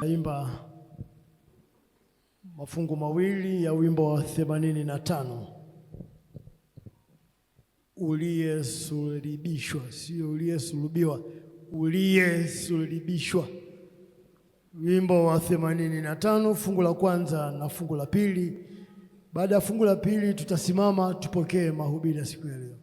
Naimba mafungu mawili ya wimbo wa themanini na tano uliyesulubishwa, sio uliyesulubiwa, uliyesulubishwa. Wimbo wa themanini na tano fungu la kwanza na fungu la pili. Baada ya fungu la pili, tutasimama tupokee mahubiri ya siku ya leo.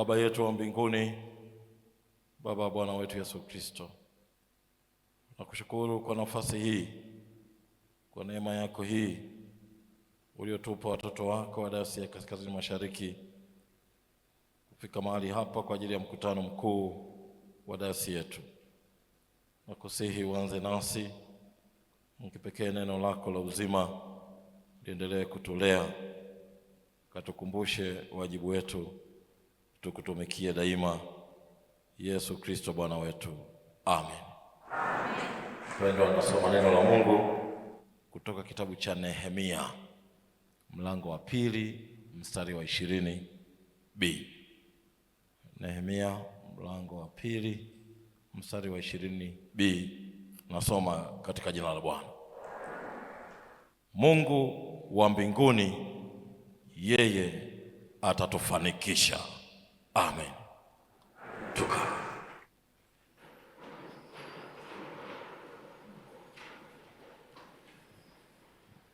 Baba yetu wa mbinguni, Baba ya Bwana wetu Yesu Kristo, nakushukuru kwa nafasi hii, kwa neema yako hii uliotupa watoto wako wa dayosisi ya Kaskazini Mashariki kufika mahali hapa kwa ajili ya mkutano mkuu wa dayosisi yetu. Nakusihi uanze nasi, mkipekee, neno lako la uzima liendelee kutulea, katukumbushe wajibu wetu tukutumikie daima. Yesu Kristo Bwana wetu, amen. Pendwa, nasoma neno la Mungu kutoka kitabu cha Nehemia mlango wa pili mstari wa ishirini b. Nehemia mlango wa pili mstari wa ishirini b, nasoma katika jina la Bwana Mungu wa mbinguni, yeye atatufanikisha Amen. Tuka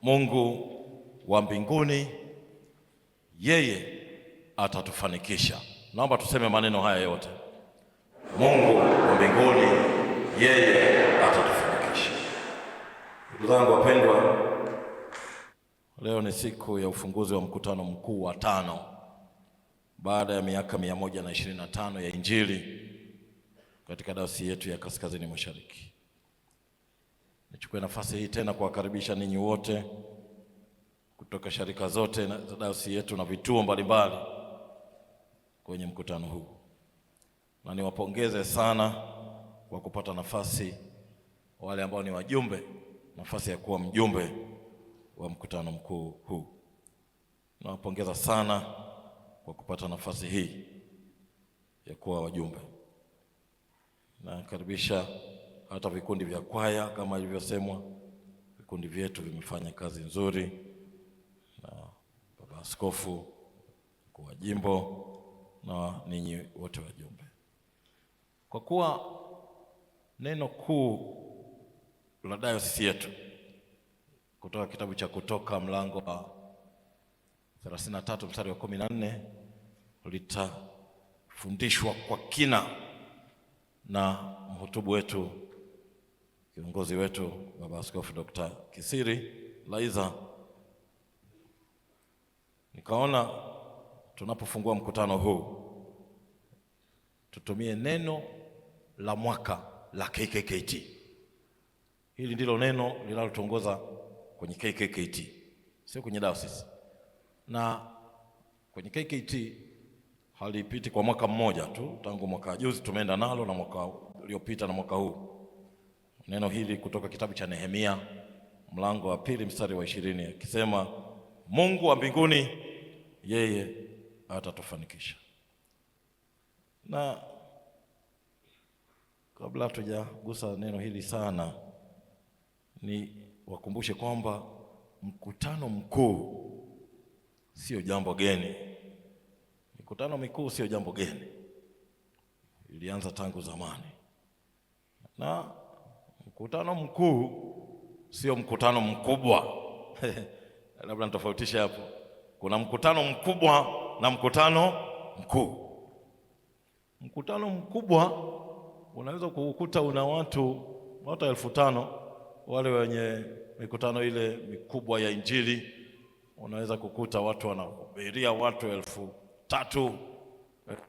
Mungu wa mbinguni yeye atatufanikisha. Naomba tuseme maneno haya yote. Mungu wa mbinguni yeye atatufanikisha. Ndugu zangu wapendwa, leo ni siku ya ufunguzi wa mkutano mkuu wa tano baada ya miaka 125 ya Injili katika dasi yetu ya Kaskazini Mashariki. Nichukue nafasi hii tena kuwakaribisha ninyi wote kutoka sharika zote za dasi yetu na vituo mbalimbali kwenye mkutano huu, na niwapongeze sana kwa kupata nafasi, wale ambao ni wajumbe, nafasi ya kuwa mjumbe wa mkutano mkuu huu. Nawapongeza sana kwa kupata nafasi hii ya kuwa wajumbe. Nakaribisha hata vikundi vya kwaya, kama ilivyosemwa, vikundi vyetu vimefanya kazi nzuri, na baba askofu, mkuu wa jimbo na ninyi wote wajumbe, kwa kuwa neno kuu la dayosisi yetu kutoka kitabu cha Kutoka mlango wa 33 mstari wa 14 litafundishwa kwa kina na mhutubu wetu kiongozi wetu Baba Askofu Dr. Kisiri Laiza. Nikaona tunapofungua mkutano huu tutumie neno la mwaka la KKKT. Hili ndilo neno linalotuongoza kwenye KKKT, sio kwenye diocese na kwenye KKT halipiti kwa mwaka mmoja tu, tangu mwaka juzi tumeenda nalo na mwaka uliopita na mwaka huu. Neno hili kutoka kitabu cha Nehemia mlango wa pili mstari wa ishirini akisema, Mungu wa mbinguni yeye atatufanikisha. Na kabla hatujagusa neno hili sana, ni wakumbushe kwamba mkutano mkuu sio jambo geni. Mikutano mikuu sio jambo geni, ilianza tangu zamani, na mkutano mkuu sio mkutano mkubwa labda nitofautisha hapo. Kuna mkutano mkubwa na mkutano mkuu. Mkutano mkubwa unaweza kuukuta una watu watu elfu tano wale wenye mikutano ile mikubwa ya Injili unaweza kukuta watu wanahubiria watu elfu tatu.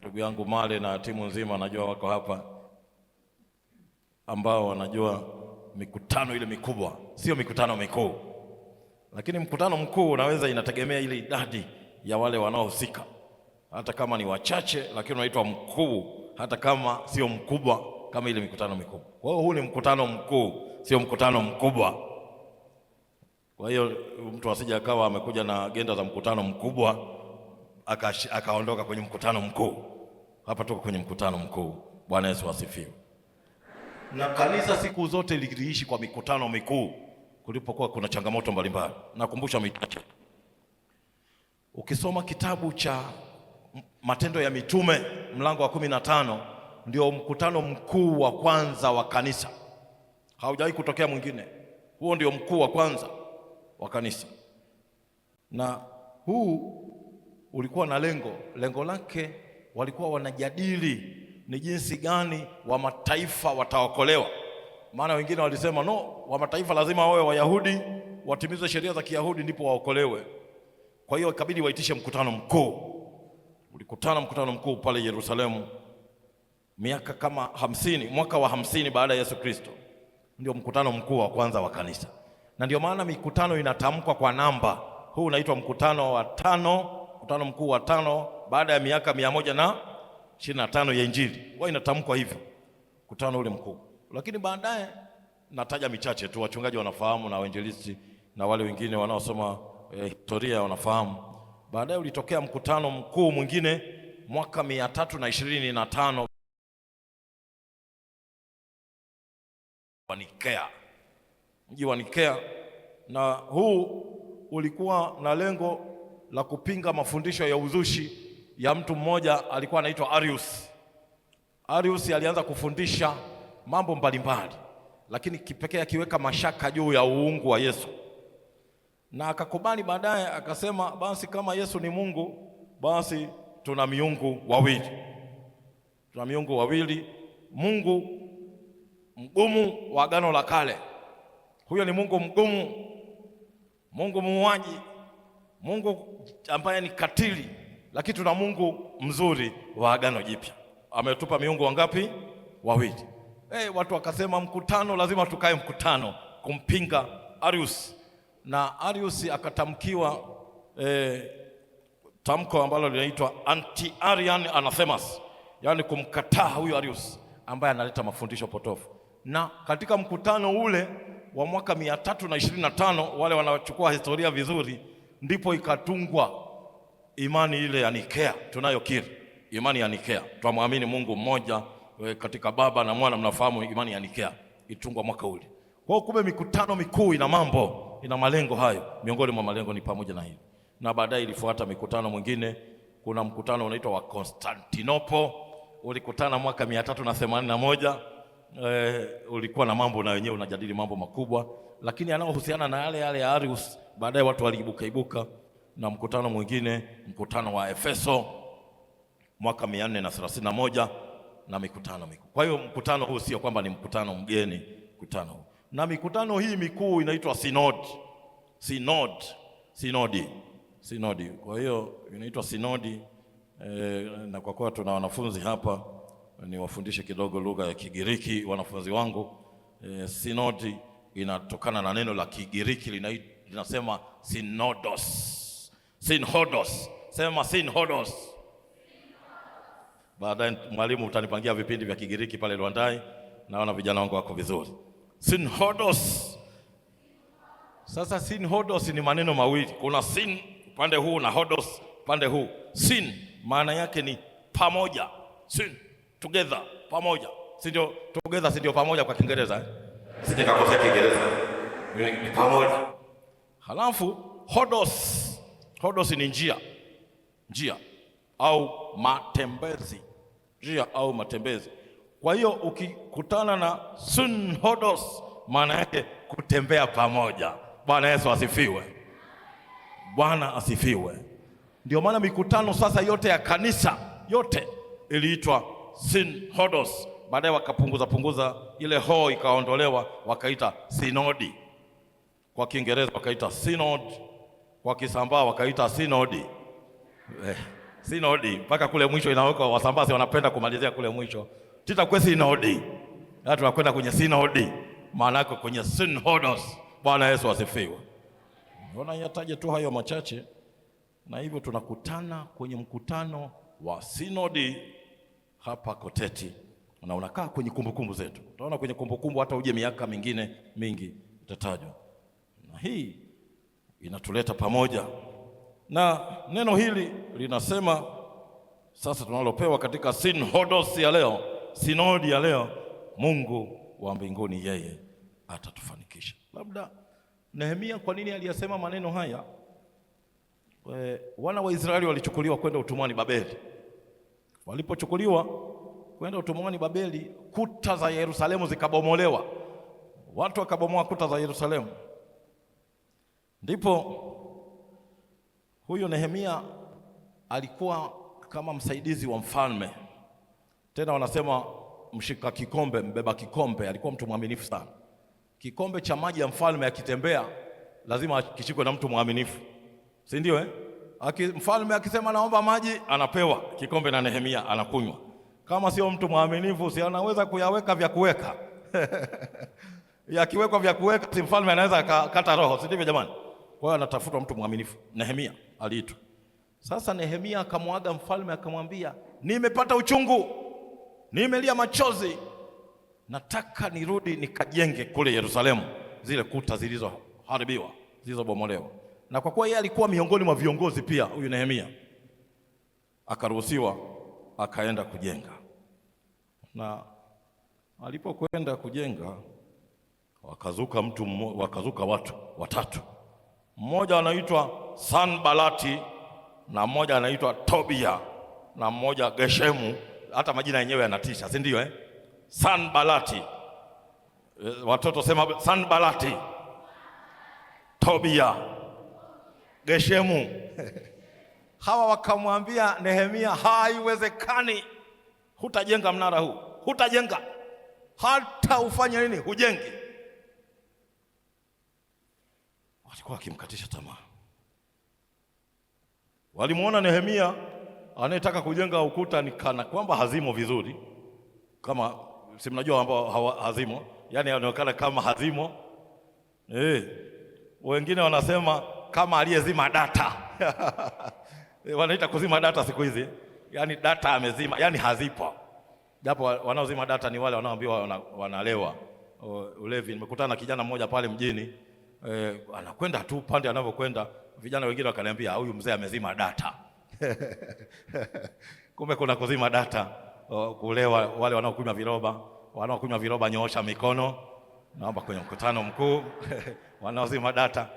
Ndugu yangu Male na timu nzima najua wako hapa, ambao wanajua mikutano ile mikubwa sio mikutano mikuu, lakini mkutano mkuu unaweza inategemea ile idadi ya wale wanaohusika, hata kama ni wachache, lakini unaitwa mkuu, hata kama sio mkubwa kama ile mikutano mikubwa. Kwa hiyo huu ni mkutano mkuu, sio mkutano mkubwa. Kwa hiyo mtu asije akawa amekuja na agenda za mkutano mkubwa aka, akaondoka kwenye mkutano mkuu. Hapa tuko kwenye mkutano mkuu. Bwana Yesu asifiwe. Na kanisa siku zote liliishi kwa mikutano mikuu kulipokuwa kuna changamoto mbalimbali. Nakumbusha michache. Ukisoma kitabu cha Matendo ya Mitume mlango wa kumi na tano ndio mkutano mkuu wa kwanza wa kanisa, haujawahi kutokea mwingine. Huo ndio mkuu wa kwanza wa kanisa, na huu ulikuwa na lengo. Lengo lake walikuwa wanajadili ni jinsi gani wa mataifa wataokolewa. Maana wengine walisema no, wa mataifa lazima wawe Wayahudi, watimize sheria za Kiyahudi ndipo waokolewe. Kwa hiyo ikabidi waitishe mkutano mkuu. Ulikutana mkutano mkuu pale Yerusalemu miaka kama hamsini, mwaka wa hamsini baada ya Yesu Kristo, ndio mkutano mkuu wa kwanza wa kanisa na ndio maana mikutano inatamkwa kwa namba. Huu unaitwa mkutano wa tano, mkutano mkuu wa tano baada ya miaka mia moja na ishirini na tano ya Injili, huwa inatamkwa hivyo, mkutano ule mkuu. Lakini baadaye nataja michache tu, wachungaji wanafahamu na wainjilisti na wale wengine wanaosoma eh, historia wanafahamu. Baadaye ulitokea mkutano mkuu mwingine mwaka mia tatu na ishirini na tano wa Nikea mji wa Nikea, na huu ulikuwa na lengo la kupinga mafundisho ya uzushi ya mtu mmoja alikuwa anaitwa Arius. Arius alianza kufundisha mambo mbalimbali, lakini kipekee akiweka mashaka juu ya uungu wa Yesu, na akakubali baadaye, akasema basi kama Yesu ni Mungu, basi tuna miungu wawili, tuna miungu wawili, Mungu mgumu wa Agano la Kale huyo ni Mungu mgumu, Mungu muuaji, Mungu ambaye ni katili, lakini tuna Mungu mzuri wa Agano Jipya. Ametupa miungu wangapi? Wawili. Hey, eh, watu wakasema mkutano, lazima tukae mkutano kumpinga Arius, na Arius akatamkiwa eh, tamko ambalo linaitwa anti-Arian anathemas, yaani kumkataa huyu Arius ambaye analeta mafundisho potofu, na katika mkutano ule wa mwaka 325 wale wanachukua historia vizuri, ndipo ikatungwa imani ile ya Nikea tunayokiri, imani ya Nikea, twamwamini Mungu mmoja eh, katika Baba na Mwana. Mnafahamu imani ya Nikea itungwa mwaka ule. Kwa hiyo kumbe mikutano mikuu ina mambo, ina malengo hayo. Miongoni mwa malengo ni pamoja na hili, na baadaye ilifuata mikutano mwingine. Kuna mkutano unaitwa wa Konstantinopo, ulikutana mwaka 381 eh, ulikuwa na mambo na wenyewe unajadili mambo makubwa, lakini yanayohusiana na yale yale ya Arius. Baadaye watu waliibuka ibuka na mkutano mwingine, mkutano wa Efeso mwaka mia na na moja na mikutano mikuu. Kwa hiyo mkutano huu sio kwamba ni mkutano mgeni, mkutano huu na mikutano hii mikuu inaitwa synod. Synod. sinodi, sinodi. Kwa hiyo inaitwa sinodi e, na kwa kuwa tuna wanafunzi hapa niwafundishe kidogo lugha ya Kigiriki wanafunzi wangu. E, sinodi inatokana na neno la Kigiriki linasema synodos. Synodos. Sema synodos. Baadaye mwalimu, utanipangia vipindi vya Kigiriki pale Lwandai, naona vijana wangu wako vizuri. Synodos. Sasa synodos ni maneno mawili, kuna sin upande huu na hodos upande huu. Sin maana yake ni pamoja sin together pamoja, si ndio? Together si ndio pamoja kwa Kiingereza eh? Sije kakosea Kiingereza ni pamoja. Halafu hodos, hodos ni njia, njia au matembezi, njia au matembezi. Kwa hiyo ukikutana na sun hodos, maana yake kutembea pamoja. Bwana Yesu asifiwe, Bwana asifiwe. Ndio maana mikutano sasa yote ya kanisa yote iliitwa synhodos. Baadaye wakapunguza punguza ile ho ikaondolewa, wakaita sinodi. Kwa Kiingereza wakaita synod, kwa Kisambaa wakaita sinodi eh, sinodi mpaka kule mwisho inawekwa. Wasambasi wanapenda kumalizia kule mwisho, titakwe sinodi, na tunakwenda kwenye sinodi, maana yake kwenye synhodos. Bwana Yesu asifiwe. Mbona yataje tu hayo machache, na hivyo tunakutana kwenye mkutano wa sinodi hapa Koteti na unakaa kwenye kumbukumbu zetu. Utaona kwenye kumbukumbu hata uje miaka mingine mingi itatajwa, na hii inatuleta pamoja na neno hili linasema sasa, tunalopewa katika synodos ya leo, sinodi ya leo, Mungu wa mbinguni yeye atatufanikisha. Labda Nehemia, kwa nini aliyasema maneno haya? Eh, wana wa Israeli walichukuliwa kwenda utumwani Babeli. Walipochukuliwa kwenda utumwani Babeli, kuta za Yerusalemu zikabomolewa, watu wakabomoa kuta za Yerusalemu. Ndipo huyu Nehemia alikuwa kama msaidizi wa mfalme, tena wanasema mshika kikombe, mbeba kikombe. Alikuwa mtu mwaminifu sana. Kikombe cha maji ya mfalme akitembea lazima kishikwe na mtu mwaminifu, si ndio eh? Aki, mfalme akisema naomba maji anapewa kikombe na Nehemia anakunywa. Kama sio mtu mwaminifu, si anaweza kuyaweka vya kuweka yakiwekwa vya kuweka, si mfalme anaweza kata roho, si ndivyo jamani? Kwa hiyo anatafutwa mtu mwaminifu. Nehemia aliitwa. Sasa Nehemia akamwaga mfalme, akamwambia nimepata uchungu, nimelia machozi, nataka nirudi nikajenge kule Yerusalemu zile kuta zilizoharibiwa zilizobomolewa na kwa kuwa yeye alikuwa miongoni mwa viongozi pia, huyu Nehemia akaruhusiwa akaenda kujenga, na alipokwenda kujenga wakazuka mtu, wakazuka watu watatu, mmoja anaitwa Sanbalati na mmoja anaitwa Tobia na mmoja Geshemu. Hata majina yenyewe yanatisha, si ndio eh? Sanbalati, eh, watoto sema Sanbalati, Tobia Geshemu. Hawa wakamwambia Nehemia, haiwezekani, hutajenga mnara huu, hutajenga hata ufanye nini, hujengi. Walikuwa wakimkatisha tamaa, walimwona Nehemia anayetaka kujenga ukuta ni kana kwamba hazimo vizuri, kama si mnajua ambao hazimo, yani anaonekana kama hazimo eh. Wengine wanasema kama aliyezima data wanaita kuzima data siku hizi, yaani data amezima, yaani hazipo. Japo wanaozima data ni wale wanaoambiwa wanalewa ulevi. Nimekutana na kijana mmoja pale mjini e, anakwenda tu pande anavyokwenda, vijana wengine wakaniambia huyu mzee amezima data kumbe kuna kuzima data o, kulewa. Wale wanaokunywa viroba, wanaokunywa viroba nyoosha mikono, naomba kwenye mkutano mkuu wanaozima data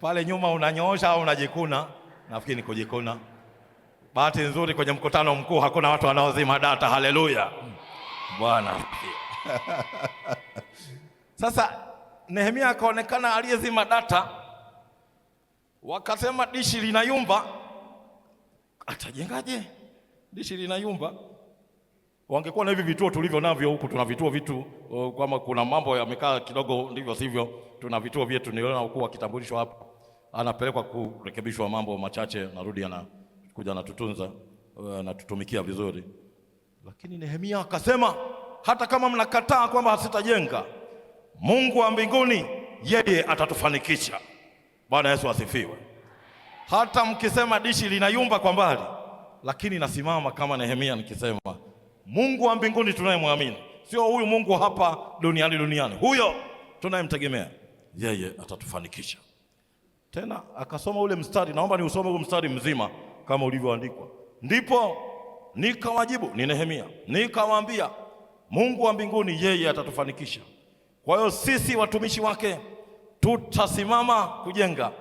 pale nyuma unanyoosha au unajikuna? Nafikiri ni kujikuna. Bahati nzuri kwenye mkutano mkuu hakuna watu wanaozima data. Haleluya Bwana. Sasa Nehemia akaonekana aliyezima data, wakasema dishi linayumba, atajengaje? Dishi linayumba. Wangekuwa na hivi vituo tulivyo navyo huku, tuna vituo vitu uh, kama kuna mambo yamekaa kidogo ndivyo sivyo, tuna vituo vyetu, niliona ukuu wakitambulishwa hapo anapelekwa kurekebishwa mambo machache, narudi anakuja anatutunza eh, anatutumikia vizuri. Lakini Nehemia akasema hata kama mnakataa kwamba hasitajenga, Mungu wa mbinguni yeye atatufanikisha. Bwana Yesu asifiwe. Hata mkisema dishi linayumba kwa mbali, lakini nasimama kama Nehemia nikisema Mungu wa mbinguni tunayemwamini, sio huyu Mungu hapa duniani duniani, huyo tunayemtegemea yeye atatufanikisha. Tena akasoma ule mstari, naomba niusome huu mstari mzima kama ulivyoandikwa. Ndipo nikawajibu, ni Nehemia, nikawaambia Mungu wa mbinguni yeye atatufanikisha. Kwa hiyo sisi watumishi wake tutasimama kujenga,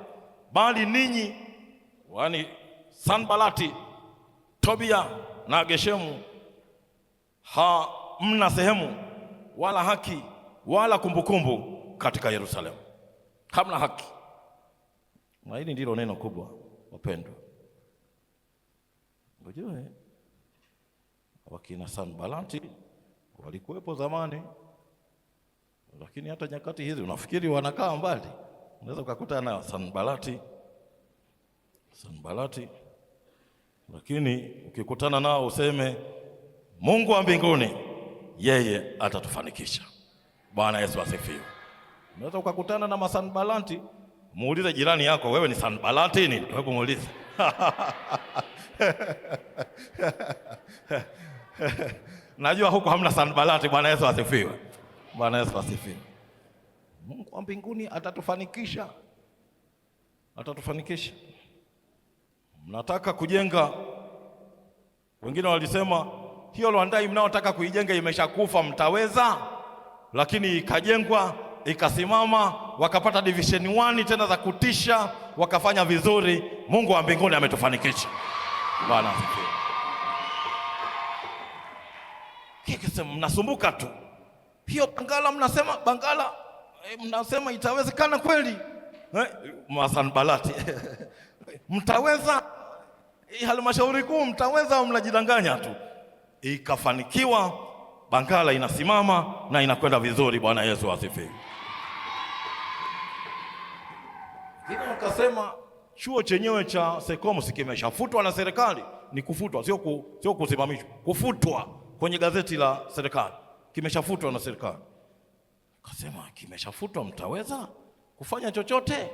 bali ninyi yaani Sanbalati, Tobia na Geshemu hamna sehemu wala haki wala kumbukumbu katika Yerusalemu, hamna haki na hili ndilo neno kubwa, wapendwa. Ujue eh. wakina Sanbalati walikuwepo zamani, lakini hata nyakati hizi unafikiri wanakaa mbali? Unaweza ukakuta na Sanbalati, Sanbalati, lakini ukikutana nao useme Mungu wa mbinguni yeye atatufanikisha. Bwana Yesu asifiwe. Unaweza ukakutana na masanbalanti muulize jirani yako, wewe ni sanbalatini? Hebu muulize najua huko hamna sanbalati. Bwana Yesu asifiwe! Bwana Yesu asifiwe! Mungu wa mbinguni atatufanikisha, atatufanikisha. Mnataka kujenga, wengine walisema hiyo Lwandai mnaotaka kuijenga imeshakufa, mtaweza? Lakini ikajengwa ikasimama wakapata division wani tena za kutisha, wakafanya vizuri. Mungu wa mbinguni ametufanikisha Bwana. Mnasumbuka tu hiyo Bangala, mnasema Bangala, eh, mnasema itawezekana kweli eh, Masanbalati mtaweza eh, halmashauri kuu mtaweza, mnajidanganya tu. Ikafanikiwa, Bangala inasimama na inakwenda vizuri. Bwana Yesu asifiwe. Hivyo wakasema chuo chenyewe cha Sekomsi kimeshafutwa na serikali, ni kufutwa, sio ku, sio kusimamishwa, kufutwa kwenye gazeti la serikali, kimeshafutwa na serikali. Akasema kimeshafutwa, mtaweza kufanya chochote?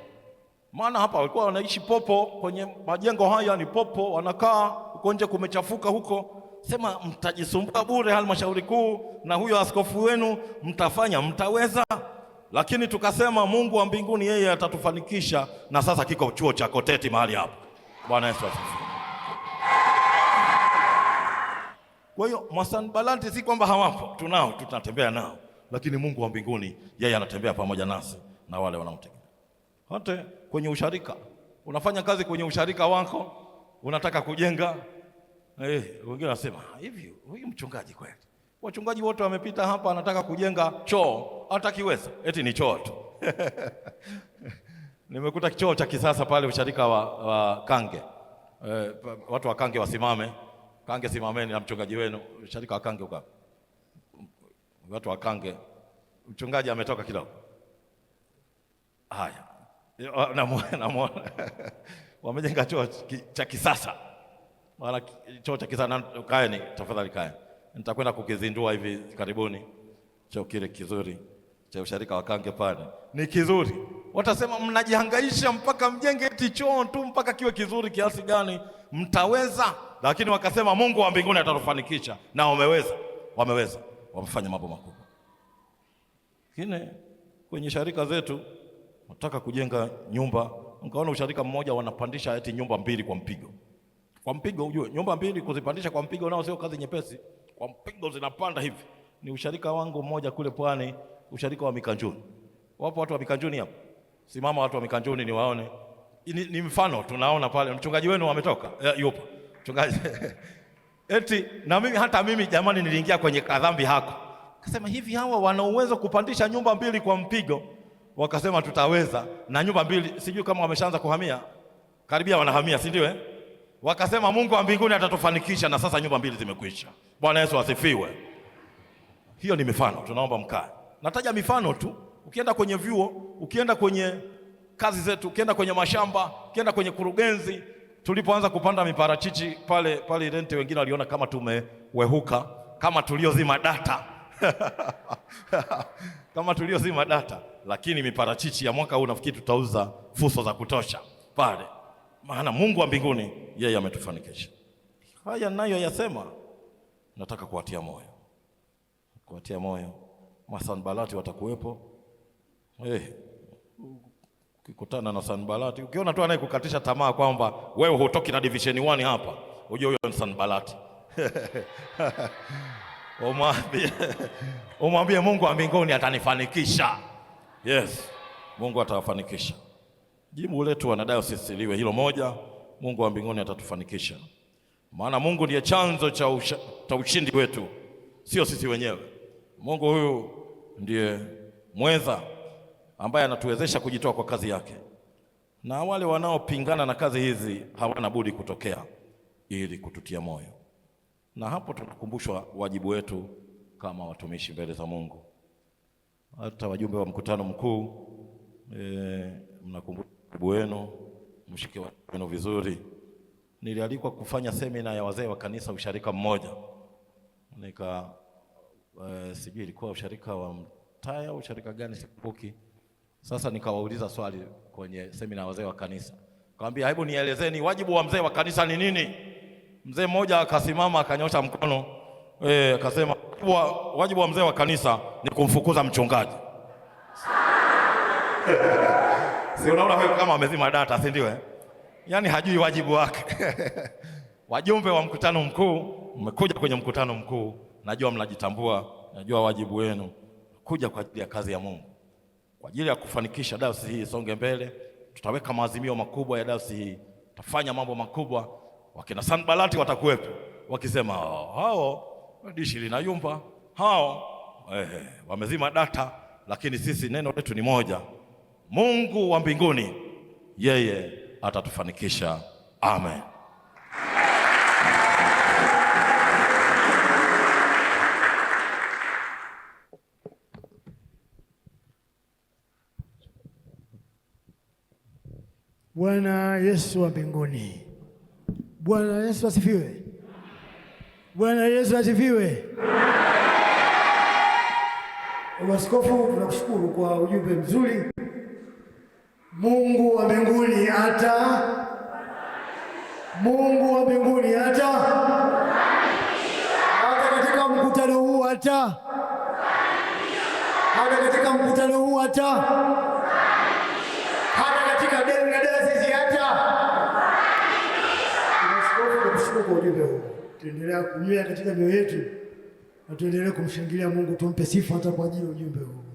Maana hapa walikuwa wanaishi popo, kwenye majengo haya ni popo, wanakaa huko nje, kumechafuka huko sema mtajisumbua bure halmashauri kuu na huyo askofu wenu, mtafanya mtaweza? lakini tukasema Mungu wa mbinguni yeye atatufanikisha, na sasa kiko chuo cha Koteti mahali hapa. Bwana Yesu asifiwe. Kwa hiyo masanbalanti si kwamba hawapo, tunao, tunatembea nao, lakini Mungu wa mbinguni yeye anatembea pamoja nasi na wale wanaomtegemea. Hata kwenye usharika, unafanya kazi kwenye usharika wako, unataka kujenga eh, wengine wanasema hivi, huyu mchungaji kweli Wachungaji wote wamepita hapa, anataka kujenga choo, hatakiweza, eti ni choo tu nimekuta choo cha kisasa pale usharika wa, wa Kange e, watu wa Kange wasimame. Kange simameni na mchungaji wenu, usharika wa Kange uka. Watu wa Kange, mchungaji ametoka kidogo. Haya, namuona wamejenga choo cha kisasa, choo cha kisasa. Kaeni tafadhali, kaeni nitakwenda kukizindua hivi karibuni, cho kile kizuri cha usharika wa Kange pale ni kizuri. Watasema mnajihangaisha mpaka mjenge eti choo tu mpaka kiwe kizuri kiasi gani? Mtaweza? Lakini wakasema Mungu wa mbinguni atatufanikisha, na wameweza, wameweza, wamefanya mambo makubwa. Lakini kwenye sharika zetu nataka kujenga nyumba, nikaona usharika mmoja wanapandisha eti nyumba mbili kwa mpigo, kwa mpigo. Ujue nyumba mbili kuzipandisha kwa mpigo nao sio kazi nyepesi kwa mpigo zinapanda hivi. Ni usharika wangu mmoja kule Pwani, usharika wa Mikanjuni. Wapo watu wa Mikanjuni hapo? Simama watu wa Mikanjuni ni waone. Ni, ni mfano tunaona pale mchungaji wenu ametoka. E, yupo. Mchungaji. Eti na mimi hata mimi jamani niliingia kwenye kadhambi hako. akasema hivi hawa wana uwezo kupandisha nyumba mbili kwa mpigo. Wakasema tutaweza na nyumba mbili sijui kama wameshaanza kuhamia. Karibia wanahamia, si ndio eh? wakasema Mungu wa mbinguni atatufanikisha, na sasa nyumba mbili zimekwisha. Bwana Yesu asifiwe. Hiyo ni mifano, tunaomba mkae. Nataja mifano tu, ukienda kwenye vyuo, ukienda kwenye kazi zetu, ukienda kwenye mashamba, ukienda kwenye kurugenzi. Tulipoanza kupanda miparachichi pale pale Irente, wengine waliona kama tumewehuka, kama tuliozima data kama tuliozima data, lakini miparachichi ya mwaka huu nafikiri tutauza fuso za kutosha pale, maana Mungu wa mbinguni yeye ametufanikisha. Haya nayo yasema, nataka kuwatia moyo, kuwatia moyo. Masanbalati watakuwepo eh, ukikutana na sanbalati, ukiona tu anayekukatisha tamaa kwamba wewe hutoki na division 1 hapa, ujue huyo ni sanbalati umwambie umwambie Mungu wa mbinguni atanifanikisha. Yes, Mungu atawafanikisha. jibu letu wanadayosisi liwe hilo moja. Mungu wa mbinguni atatufanikisha, maana Mungu ndiye chanzo cha, usha, cha ushindi wetu, sio sisi wenyewe. Mungu huyu ndiye mweza ambaye anatuwezesha kujitoa kwa kazi yake, na wale wanaopingana na kazi hizi hawana budi kutokea ili kututia moyo, na hapo tunakumbushwa wajibu wetu kama watumishi mbele za Mungu. Hata wajumbe wa mkutano mkuu e, eh, mnakumbuka wajibu wenu mshike wenu vizuri. Nilialikwa kufanya semina ya wazee wa kanisa usharika mmoja nika uh, sijui ilikuwa usharika wa Mtaya, usharika gani sikumbuki. Sasa nikawauliza swali kwenye semina ya wazee wa kanisa, kawambia hebu nielezeni wajibu wa mzee wa kanisa ni nini? Mzee mmoja akasimama akanyosha mkono eh, akasema wajibu wa mzee wa kanisa ni kumfukuza mchungaji Si unaona wewe kama wamezima data, si ndio? Eh? Yaani hajui wajibu wake. Wajumbe wa mkutano mkuu, mmekuja kwenye mkutano mkuu, najua mnajitambua, najua wajibu wenu, kuja kwa ajili ya kazi ya Mungu, kwa ajili ya kufanikisha dayosisi hii isonge mbele. Tutaweka maazimio makubwa ya dayosisi hii, tutafanya mambo makubwa. Wakina Sanbalati watakuwepo wakisema hao dishi linayumba, hao eh, wamezima data, lakini sisi neno letu ni moja. Mungu wa mbinguni yeye atatufanikisha. Amen. Bwana Yesu wa mbinguni. Bwana Yesu asifiwe. Bwana Yesu asifiwe. waskofu tunakushukuru kwa ujumbe mzuri. Mungu wa mbinguni hata Mungu wa mbinguni hata hata katika mkutano huu hata hata katika mkutano huu hata hata katika deni na dayosisi hata kwa ujumbe huu tuendelea kumia katika mioyo yetu na tuendelee kumshangilia Mungu, tumpe sifa hata kwa ajili ya ujumbe huu.